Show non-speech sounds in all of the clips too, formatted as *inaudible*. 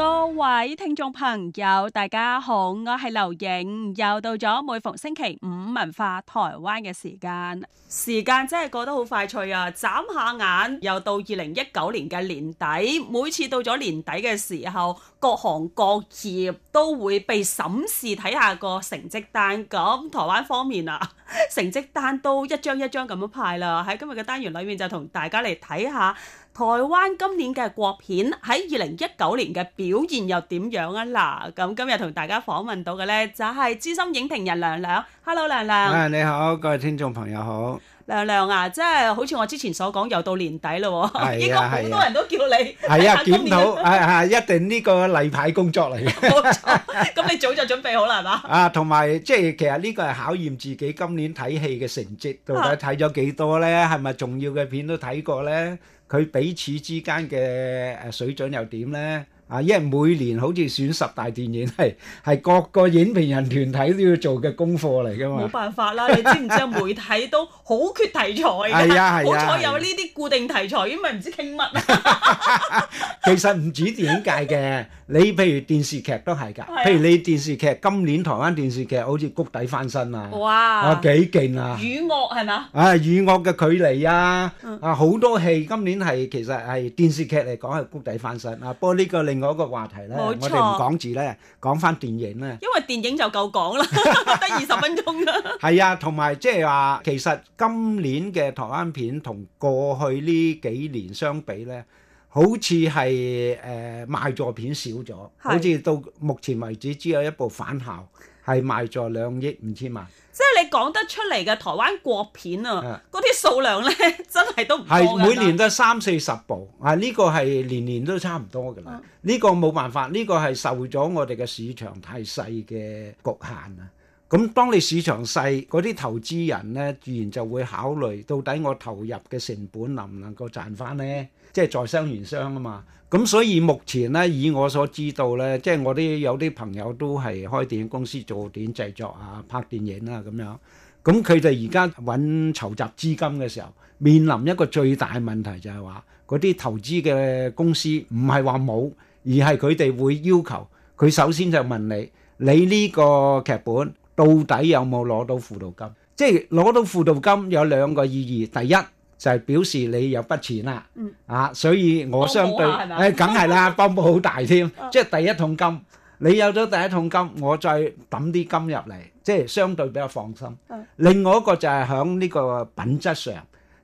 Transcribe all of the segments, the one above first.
各位聽眾朋友，大家好，我係劉瑩，又到咗每逢星期五文化台灣嘅時間。時間真係過得好快脆啊！眨下眼又到二零一九年嘅年底，每次到咗年底嘅時候，各行各業都會被審視，睇下個成績單。咁台灣方面啊，成績單都一張一張咁樣派啦。喺今日嘅單元裏面，就同大家嚟睇下。台灣今年嘅國片喺二零一九年嘅表現又點樣啊？嗱，咁今日同大家訪問到嘅咧就係資深影評人梁良，Hello 梁良，餵、啊、你好，各位聽眾朋友好。梁良啊，即係好似我之前所講，又到年底嘞喎，應該好呀 *laughs* 多人都叫你係啊，檢討啊啊，一定呢個例牌工作嚟嘅。冇 *laughs* 錯，咁你早就準備好啦，係嘛？啊，同埋即係其實呢個係考驗自己今年睇戲嘅成績，到底睇咗幾多咧？係咪、啊、重要嘅片都睇過咧？佢彼此之間嘅誒水準又點咧？啊！因為每年好似選十大電影係係各個影評人團體都要做嘅功課嚟噶嘛，冇辦法啦！你知唔知啊？媒體都好缺題材嘅，係啊係啊，好彩有呢啲固定題材，因為唔知傾乜啊。其實唔止電影界嘅，你譬如電視劇都係㗎。譬如你電視劇今年台灣電視劇好似谷底翻身啊，哇！啊幾勁啊！與惡係嘛？啊與惡嘅距離啊啊，好多戲今年係其實係電視劇嚟講係谷底翻身啊，不過呢個令嗰個話題咧，錯我哋唔講字咧，講返電影咧。因為電影就夠講啦，得二十分鐘 *laughs* 啊。係啊，同埋即係話，其實今年嘅台灣片同過去呢幾年相比咧，好似係誒賣座片少咗，的好似到目前為止只有一部返校係賣座兩億五千萬。即係你講得出嚟嘅台灣國片啊，嗰啲數量咧真係都唔係每年都係三四十部，啊呢個係年年都差唔多㗎啦，呢個冇辦法，呢個係受咗我哋嘅市場太細嘅局限啊。咁當你市場細，嗰啲投資人咧自然就會考慮到底我投入嘅成本能唔能夠賺翻咧？即係在商言商啊嘛。咁所以目前咧，以我所知道咧，即係我啲有啲朋友都係開電影公司做電影製作啊、拍電影啊咁樣。咁佢哋而家揾籌集資金嘅時候，面臨一個最大問題就係話嗰啲投資嘅公司唔係話冇，而係佢哋會要求，佢首先就問你，你呢個劇本。到底有冇攞到輔導金？即係攞到輔導金有兩個意義，第一就係、是、表示你有筆錢啦，嗯、啊，所以我相對，誒，梗係啦，幫補好大添，啊、即係第一桶金。你有咗第一桶金，我再揼啲金入嚟，即係相對比較放心。嗯、另外一個就係喺呢個品質上。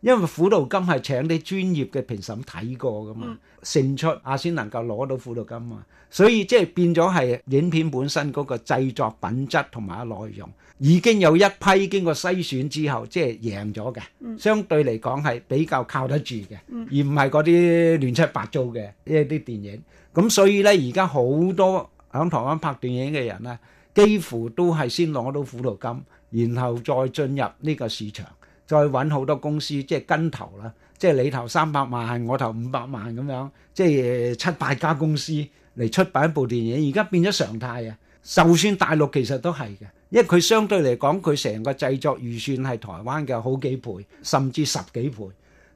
因為輔導金係請啲專業嘅評審睇過噶嘛，勝、嗯、出啊先能夠攞到輔導金啊，所以即係變咗係影片本身嗰個製作品質同埋內容已經有一批經過篩選，之後即係贏咗嘅，嗯、相對嚟講係比較靠得住嘅，嗯、而唔係嗰啲亂七八糟嘅一啲電影。咁所以咧，而家好多喺台灣拍電影嘅人咧，幾乎都係先攞到輔導金，然後再進入呢個市場。再揾好多公司即係跟投啦，即係你投三百萬，我投五百萬咁樣，即係七八家公司嚟出版一部電影。而家變咗常態啊！就算大陸其實都係嘅，因為佢相對嚟講，佢成個製作預算係台灣嘅好幾倍，甚至十幾倍，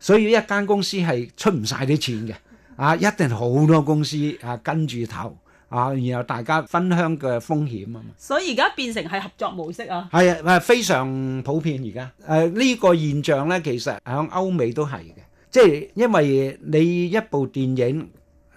所以一間公司係出唔晒啲錢嘅，啊，一定好多公司啊跟住投。啊，然後大家分享嘅風險啊嘛，所以而家變成係合作模式啊，係啊，非常普遍而家。誒呢個現象咧，其實喺歐美都係嘅，即係因為你一部電影，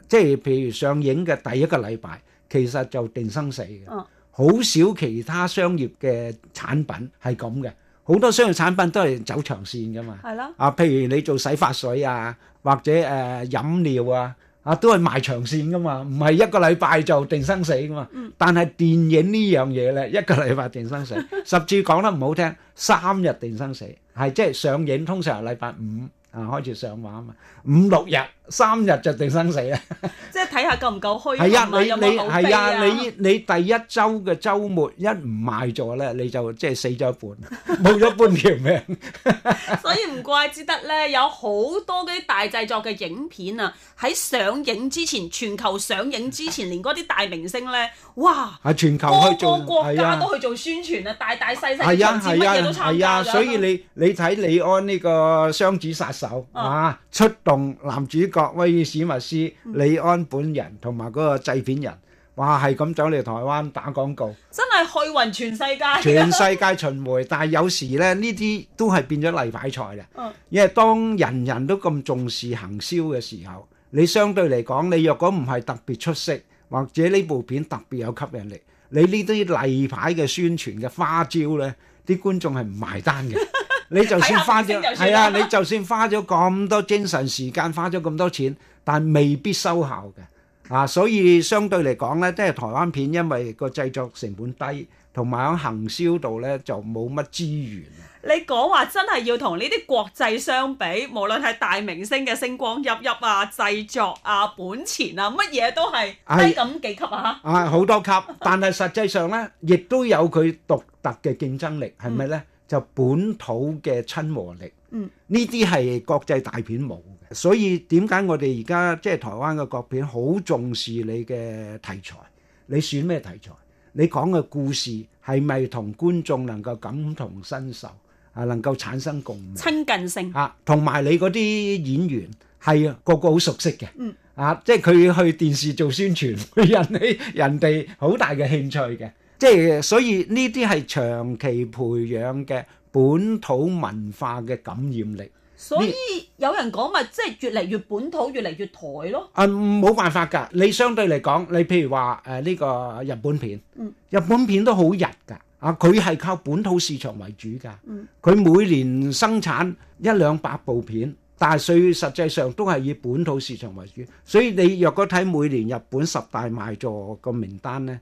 即係譬如上映嘅第一個禮拜，其實就定生死嘅。嗯，好少其他商業嘅產品係咁嘅，好多商業產品都係走長線㗎嘛。係咯。啊，譬如你做洗髮水啊，或者誒飲料啊。啊，都係賣長線噶嘛，唔係一個禮拜就定生死噶嘛。嗯、但係電影呢樣嘢咧，一個禮拜定生死，甚至講得唔好聽，三日定生死，係即係上映通常係禮拜五啊開始上畫啊嘛，五六日，三日就定生死啊！ *laughs* 即係睇下夠唔夠虛啊，係咪有口碑啊？係啊，你有有啊啊你，你第一周嘅周末一唔賣座咧，你就即係死咗一半，冇咗 *laughs* 半條命。 *laughs* 所以唔怪之得咧，有好多啲大製作嘅影片啊，喺上映之前，全球上映之前，連嗰啲大明星咧，哇，喺全球個個國家都去做宣傳啊，大大細細甚至都參加、啊啊啊。所以你你睇李安呢個雙子殺手啊，出動男主。威爾史密斯、李安本人同埋嗰個製片人，哇，係咁走嚟台灣打廣告，真係去勻全世界， *laughs* 全世界巡迴。但係有時咧，呢啲都係變咗例牌菜啦。嗯、因為當人人都咁重視行銷嘅時候，你相對嚟講，你若果唔係特別出色，或者呢部片特別有吸引力，你呢啲例牌嘅宣傳嘅花招咧，啲觀眾係唔埋單嘅。 *laughs* 你就算花咗係啊！你就算花咗咁多精神時間，花咗咁多錢，但未必收效嘅啊！所以相對嚟講咧，即係台灣片，因為個製作成本低，同埋喺行銷度咧就冇乜資源。你講話真係要同呢啲國際相比，無論係大明星嘅星光熠熠啊，製作啊，本錢啊，乜嘢都係低咁幾級啊！啊，好多級，但係實際上咧，亦都有佢獨特嘅競爭力，係咪咧？就本土嘅親和力，嗯，呢啲係國際大片冇嘅，所以點解我哋而家即係台灣嘅國片好重視你嘅題材，你選咩題材，你講嘅故事係咪同觀眾能夠感同身受啊，能夠產生共鳴親近性啊，同埋你嗰啲演員係個個好熟悉嘅，嗯，啊，即係佢去電視做宣傳，傳，引起人哋好大嘅興趣嘅。即係，所以呢啲係長期培養嘅本土文化嘅感染力。所以有人講話，即係，越嚟越本土，越嚟越台咯。啊、嗯，冇辦法㗎！你相對嚟講，你譬如話誒呢個日本片，嗯，日本片都好日㗎。啊，佢係靠本土市場為主㗎。嗯，佢每年生產一兩百部片，但係所以實際上都係以本土市場為主。所以你若果睇每年日本十大賣座個名單咧。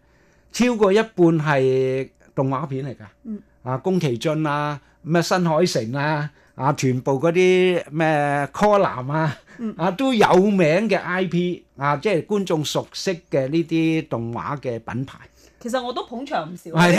超過一半係動畫片嚟㗎，嗯、啊宮崎駿啊，咩新海誠啊，啊全部嗰啲咩柯南啊，嗯、啊都有名嘅 IP，啊即係觀眾熟悉嘅呢啲動畫嘅品牌。其實我都捧場唔少。 *laughs* *laughs*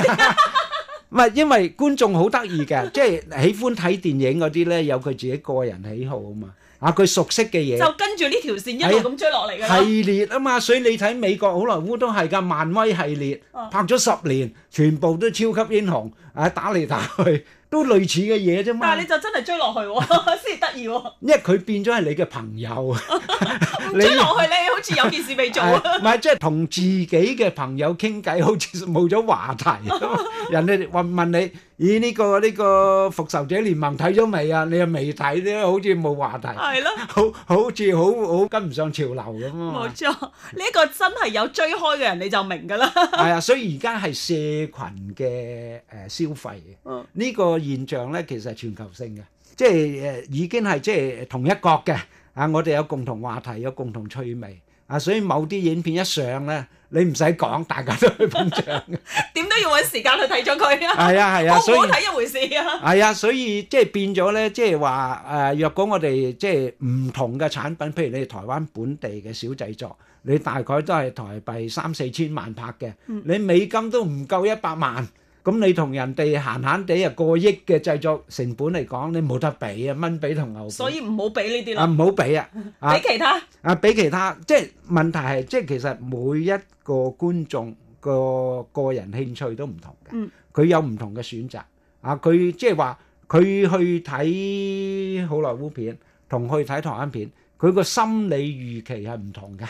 唔係，因為觀眾好得意嘅， *laughs* 即係喜歡睇電影嗰啲咧，有佢自己個人喜好啊嘛。啊，佢熟悉嘅嘢就跟住呢條線一路咁追落嚟嘅系列啊嘛，所以你睇美國好萊塢都係噶，漫威系列拍咗十年，全部都超級英雄，誒打嚟打去。都類似嘅嘢啫嘛，但係你就真係追落去先得意喎， *laughs* *laughs* 哦、因為佢變咗係你嘅朋友，唔 *laughs* *laughs* 追落去咧，好似有件事未做，唔係即係同自己嘅朋友傾偈，好似冇咗話題， *laughs* 人哋問問你。 *laughs* 咦？呢、這個呢、這個復仇者聯盟睇咗未啊？你又未睇咧，好似冇話題。係咯的，好好似好好跟唔上潮流咁，冇錯，呢一、這個真係有追開嘅人你就明㗎啦。係 *laughs* 啊，所以而家係社群嘅誒消費，呢、嗯、個現象咧其實係全球性嘅，即係誒已經係即係同一國嘅啊！我哋有共同話題，有共同趣味啊，所以某啲影片一上咧。你唔使講，大家都去捧場。點 *laughs* 都要搵時間去睇咗佢啊！係啊係啊，所睇一回事啊。係啊，所以即係變咗咧，即係話誒，若、呃、果我哋即係唔同嘅產品，譬如你台灣本地嘅小製作，你大概都係台幣三四千萬拍嘅，嗯、你美金都唔夠一百萬。咁你同人哋閒閒地啊，過億嘅製作成本嚟講，你冇得比，蚊蚊比啊，蚊比同牛。所以唔好比呢啲咯。啊，唔好比啊！比其他。啊，比其他，即係問題係，即係其實每一個觀眾個個人興趣都唔同嘅，佢、嗯、有唔同嘅選擇。啊，佢即係話佢去睇好萊塢片同去睇台灣片，佢個心理預期係唔同嘅。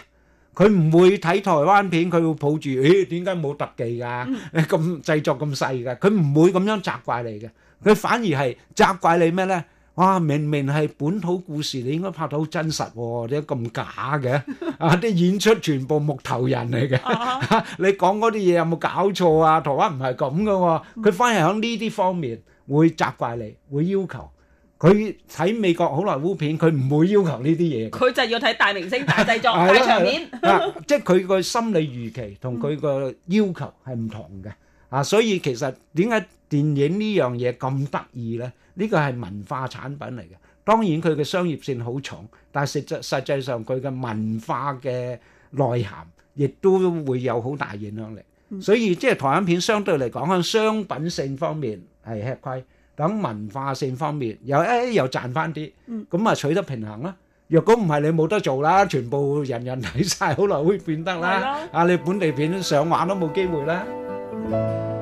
佢唔會睇台灣片，佢會抱住誒點解冇特技㗎、啊？咁製作咁細㗎？佢唔會咁樣責怪你嘅，佢反而係責怪你咩咧？哇、啊！明明係本土故事，你應該拍到好真實喎，點解咁假嘅？啊！啲、 *laughs* 啊、演出全部木頭人嚟嘅、uh huh. 啊，你講嗰啲嘢有冇搞錯啊？台灣唔係咁㗎，佢反而喺呢啲方面會責怪你，會要求。佢睇美國好萊塢片，佢唔會要求呢啲嘢。佢就係要睇大明星、大製作、大場面。 *laughs* 即係佢個心理預期同佢個要求係唔同嘅。嗯、啊，所以其實點解電影呢樣嘢咁得意咧？呢、這個係文化產品嚟嘅。當然佢嘅商業性好重，但係實際實際上佢嘅文化嘅內涵，亦都會有好大影響力。嗯、所以即係台灣片相對嚟講，喺商品性方面係吃虧。嗯嗯等文化性方面又誒、哎、又賺翻啲，咁啊、嗯、取得平衡啦。若果唔係，你冇得做啦，全部人人睇晒，好耐會變得啦。的啊，你本地片上畫都冇機會啦。嗯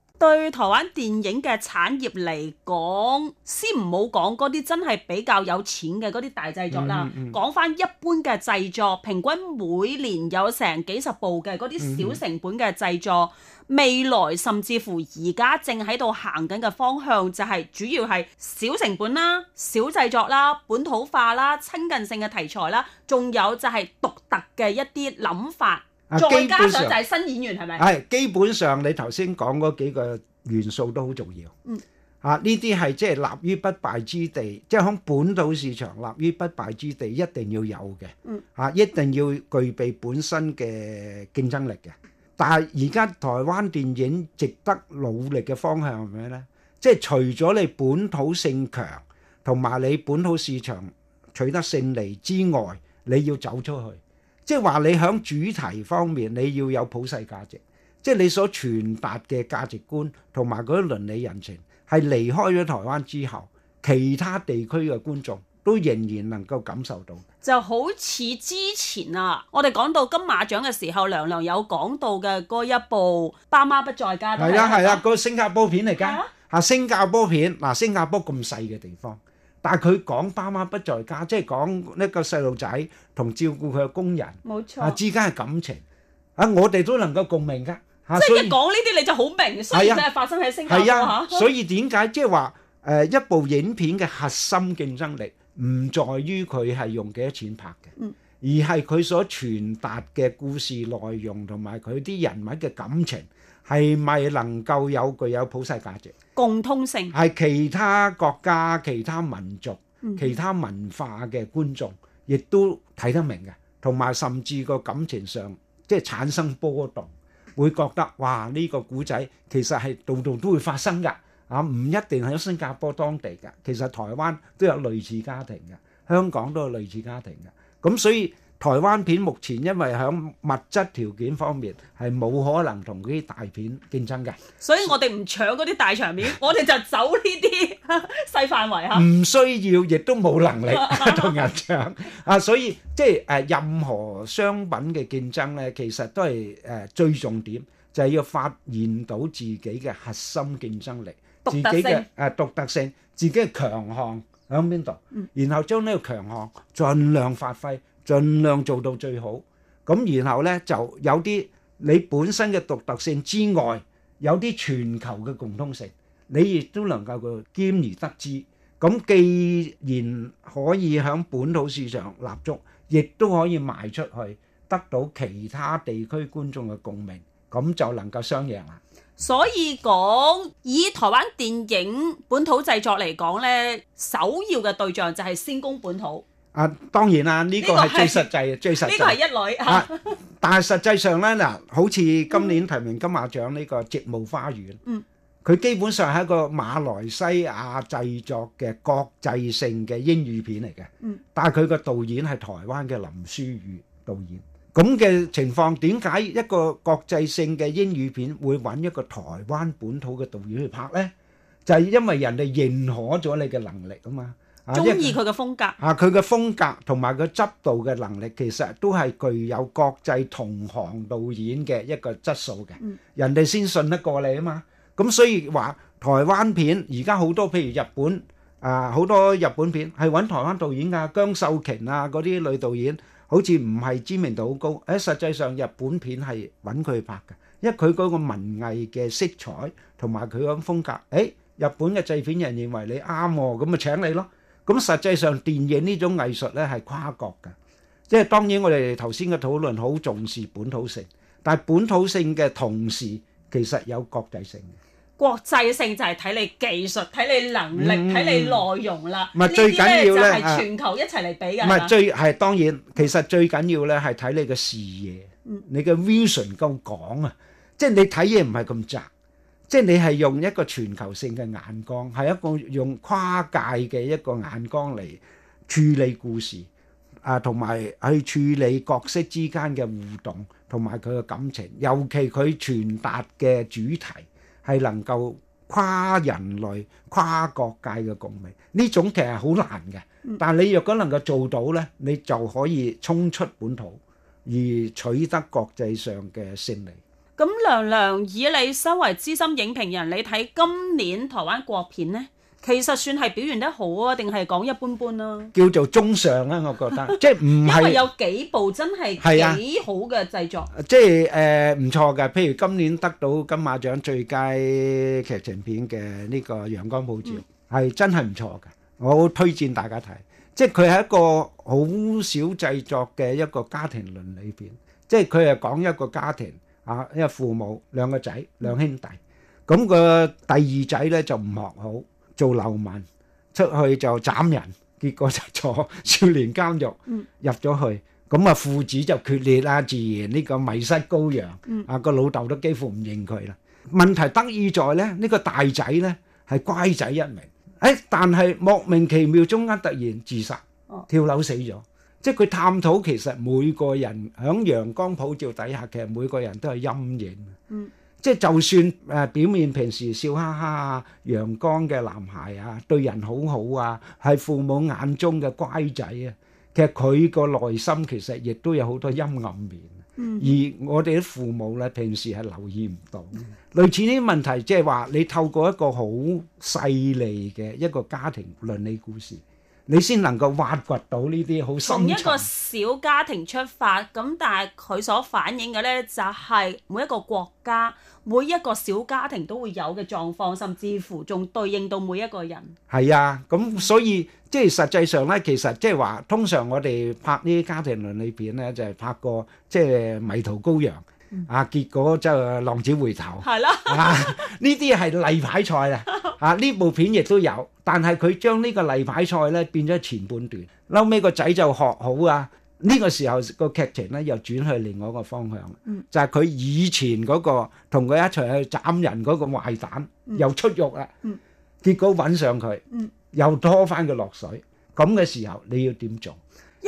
對台灣電影嘅產業嚟講，先唔好講嗰啲真係比較有錢嘅嗰啲大製作啦，講返、mm hmm. 一般嘅製作，平均每年有成幾十部嘅嗰啲小成本嘅製作，mm hmm. 未來甚至乎而家正喺度行緊嘅方向就係主要係小成本啦、小製作啦、本土化啦、親近性嘅題材啦，仲有就係獨特嘅一啲諗法。再加、啊、上就係新演員係咪？係、啊、基本上你頭先講嗰幾個元素都好重要。嗯，嚇呢啲係即係立於不敗之地，即係喺本土市場立於不敗之地，一定要有嘅。嗯，嚇、啊、一定要具備本身嘅競爭力嘅。但係而家台灣電影值得努力嘅方向係咩咧？即係除咗你本土性強，同埋你本土市場取得勝利之外，你要走出去。即係話你喺主題方面你要有普世價值，即係你所傳達嘅價值觀同埋嗰啲倫理人情係離開咗台灣之後，其他地區嘅觀眾都仍然能夠感受到。就好似之前啊，我哋講到金馬獎嘅時候，梁良有講到嘅嗰一部《爸媽不在家》。係啊，係啦、啊，嗰個新加坡片嚟噶，啊新加坡片嗱，新加坡咁細嘅地方。但係佢講爸媽不在家，即係講呢個細路仔同照顧佢嘅工人冇錯啊，之間嘅感情啊，我哋都能夠共鳴噶。啊、即係一講呢啲你就好明、啊，所以係發生喺新加坡，所以點解即係話誒一部影片嘅核心競爭力唔在於佢係用幾多錢拍嘅，嗯、而係佢所傳達嘅故事內容同埋佢啲人物嘅感情。係咪能夠有具有普世價值、共通性？係其他國家、其他民族、其他文化嘅觀眾，亦都睇得明嘅，同埋甚至個感情上，即係產生波動，會覺得哇！呢個古仔其實係度度都會發生㗎，啊，唔一定係喺新加坡當地㗎。其實台灣都有類似家庭嘅，香港都有類似家庭嘅，咁所以。台灣片目前因為喺物質條件方面係冇可能同嗰啲大片競爭嘅，所以我哋唔搶嗰啲大場面， *laughs* 我哋就走呢啲細範圍吓。唔需要，亦都冇能力同人搶啊！ *laughs* 所以即係誒任何商品嘅競爭咧，其實都係誒、呃、最重點就係要發現到自己嘅核心競爭力、自己嘅誒、呃、獨特性、自己嘅強項喺邊度，然後將呢個強項盡量發揮。盡量做到最好，咁然後呢就有啲你本身嘅獨特性之外，有啲全球嘅共通性，你亦都能夠兼而得之。咁既然可以喺本土市場立足，亦都可以賣出去，得到其他地區觀眾嘅共鳴，咁就能夠雙贏啦。所以講以台灣電影本土製作嚟講呢，首要嘅對象就係先攻本土。啊，當然啦，呢、這個係最實際、最實際。呢個係一女嚇。啊，但係實際上咧，嗱，好似今年提名金馬獎呢、這個《夕霧花園》，嗯，佢基本上係一個馬來西亞製作嘅國際性嘅英語片嚟嘅。嗯。但係佢個導演係台灣嘅林書宇導演。咁嘅情況點解一個國際性嘅英語片會揾一個台灣本土嘅導演去拍咧？就係、是、因為人哋認可咗你嘅能力啊嘛。中意佢嘅風格啊！佢嘅風格同埋佢執導嘅能力，其實都係具有國際同行導演嘅一個質素嘅，人哋先信得過你啊嘛！咁所以話台灣片而家好多，譬如日本啊，好多日本片係揾台灣導演㗎，姜秀瓊啊嗰啲女導演，好似唔係知名度好高。誒，實際上，日本片係揾佢拍嘅，因為佢嗰個文藝嘅色彩同埋佢嗰種風格，誒，日本嘅製片人認為你啱，咁咪請你咯。咁實際上，電影呢種藝術咧係跨國嘅，即係當然我哋頭先嘅討論好重視本土性，但係本土性嘅同時，其實有國際性嘅。國際性就係睇你技術、睇你能力、睇、嗯、你內容啦。唔係、嗯、最緊要咧，係全球一齊嚟比㗎。唔係、啊、吧最係當然，其實最緊要咧係睇你嘅視野，嗯、你嘅 vision 夠廣啊！即係你睇嘢唔係咁窄。即係你係用一個全球性嘅眼光，係一個用跨界嘅一個眼光嚟處理故事，啊，同埋去處理角色之間嘅互動同埋佢嘅感情，尤其佢傳達嘅主題係能夠跨人類、跨國界嘅共鳴。呢種其實好難嘅，但係你若果能夠做到咧，你就可以衝出本土而取得國際上嘅勝利。咁梁良，以你身為資深影評人，你睇今年台灣國片呢，其實算係表現得好啊，定係講一般般咯？叫做中上啊，我覺得即係唔係，因為有幾部真係幾好嘅製作，即係誒唔錯嘅。譬如今年得到金馬獎最佳劇情片嘅呢個《陽光普照》，係真係唔錯嘅，我好推薦大家睇。即係佢係一個好少製作嘅一個家庭倫理片，即係佢係講一個家庭。啊，因為父母兩個仔兩兄弟，咁個第二仔咧就唔學好，做流氓，出去就斬人，結果就坐少年監獄入咗去，咁啊父子就決裂啦，自然呢個迷失羔羊，啊個老豆都幾乎唔認佢啦。問題得意在咧，呢個大仔咧係乖仔一名，誒，但係莫名其妙中間突然自殺，跳樓死咗。即係佢探討，其實每個人喺陽光普照底下，其實每個人都係陰影。嗯，即係就算誒表面平時笑哈哈啊、陽光嘅男孩啊，對人好好啊，喺父母眼中嘅乖仔啊，其實佢個內心其實亦都有好多陰暗面。嗯，而我哋啲父母咧，平時係留意唔到。嗯、類似呢啲問題，即係話你透過一個好細膩嘅一個家庭倫理故事。你先能夠挖掘到呢啲好深層。從一個小家庭出發，咁但係佢所反映嘅咧，就係每一個國家、每一個小家庭都會有嘅狀況，甚至乎仲對應到每一個人。係啊，咁所以即係實際上咧，其實即係話，通常我哋拍呢啲家庭倫理片咧，就係拍個即係迷途羔羊啊，結果就浪子回頭。係啦，呢啲係例牌菜啊。啊！呢部片亦都有，但係佢將呢個例牌菜咧，變咗前半段，後尾個仔就學好啊！呢、呢個時候個劇情咧又轉去另外一個方向，嗯、就係佢以前嗰、嗰個同佢一齊去斬人嗰個壞蛋又出獄啦，嗯嗯、結果揾上佢，又拖翻佢落水。咁嘅、嗯、時候你要點做？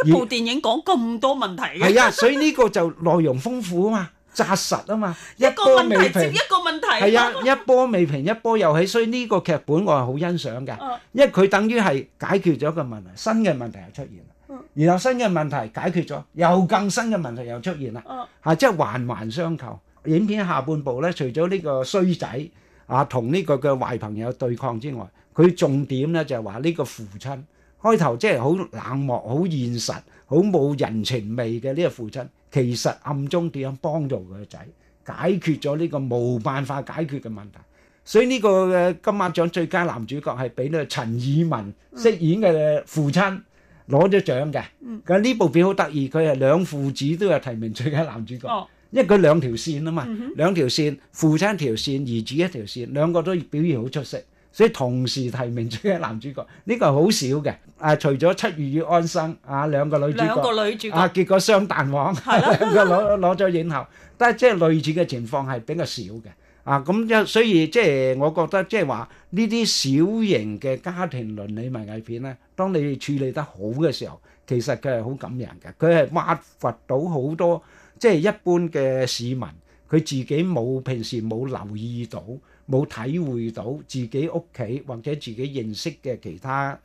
一部電影講咁多問題嘅，啊而， *laughs* 所以呢個就內容豐富啊嘛。紮實啊嘛，一波未平，一個問題接一個問題，係啊，的 *laughs* 一波未平，一波又起，所以呢個劇本我係好欣賞嘅，因為佢等於係解決咗個問題，新嘅問、嗯、問，問題又出現，然後新嘅問題解決咗，又更新嘅問題又出現啦，吓即係環環相扣。影片下半部咧，除咗呢個衰仔啊同呢個嘅壞朋友對抗之外，佢重點咧就係話呢個父親，開頭即係好冷漠、好現實、好冇人情味嘅呢個父親。其實暗中點樣幫助佢個仔解決咗呢個冇辦法解決嘅問題，所以呢個金馬獎最佳男主角係俾呢陳以文飾演嘅父親攞咗獎嘅。咁呢、嗯、部片好得意，佢係兩父子都有提名最佳男主角，哦、因為佢兩條線啊嘛，嗯、哼兩條線父親一條線，兒子一條線，兩個都表現好出色。所以同時提名最佳男主角，呢、這個係好少嘅。誒、啊，除咗七月與安生啊，兩個女主角，兩個女主角，啊、結果雙蛋黃係兩個攞攞咗影后。但係即係類似嘅情況係比較少嘅。啊，咁、嗯、即所以即係我覺得即係話呢啲小型嘅家庭倫理文藝片咧，當你處理得好嘅時候，其實佢係好感人嘅。佢係挖掘到好多即係一般嘅市民，佢自己冇平時冇留意到。冇體會到自己屋企或者自己認識嘅其他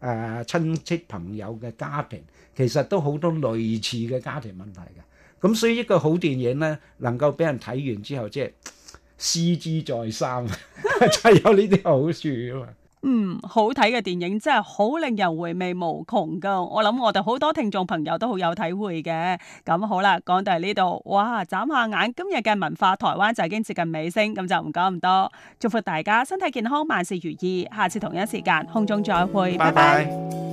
誒親戚、呃朋友嘅家庭，其實都好多類似嘅家庭問題嘅。咁所以一個好電影咧，能夠俾人睇完之後即係思之再三，真 *laughs* 係有呢啲好處啊嘛～嗯，好睇嘅電影真係好令人回味無窮噶。我諗我哋好多聽眾朋友都好有體會嘅。咁好啦，講到嚟呢度，哇，眨下眼今日嘅文化台灣就已經接近尾聲。咁就唔講咁多，祝福大家身體健康，萬事如意。下次同一時間空中再會，拜拜。拜拜。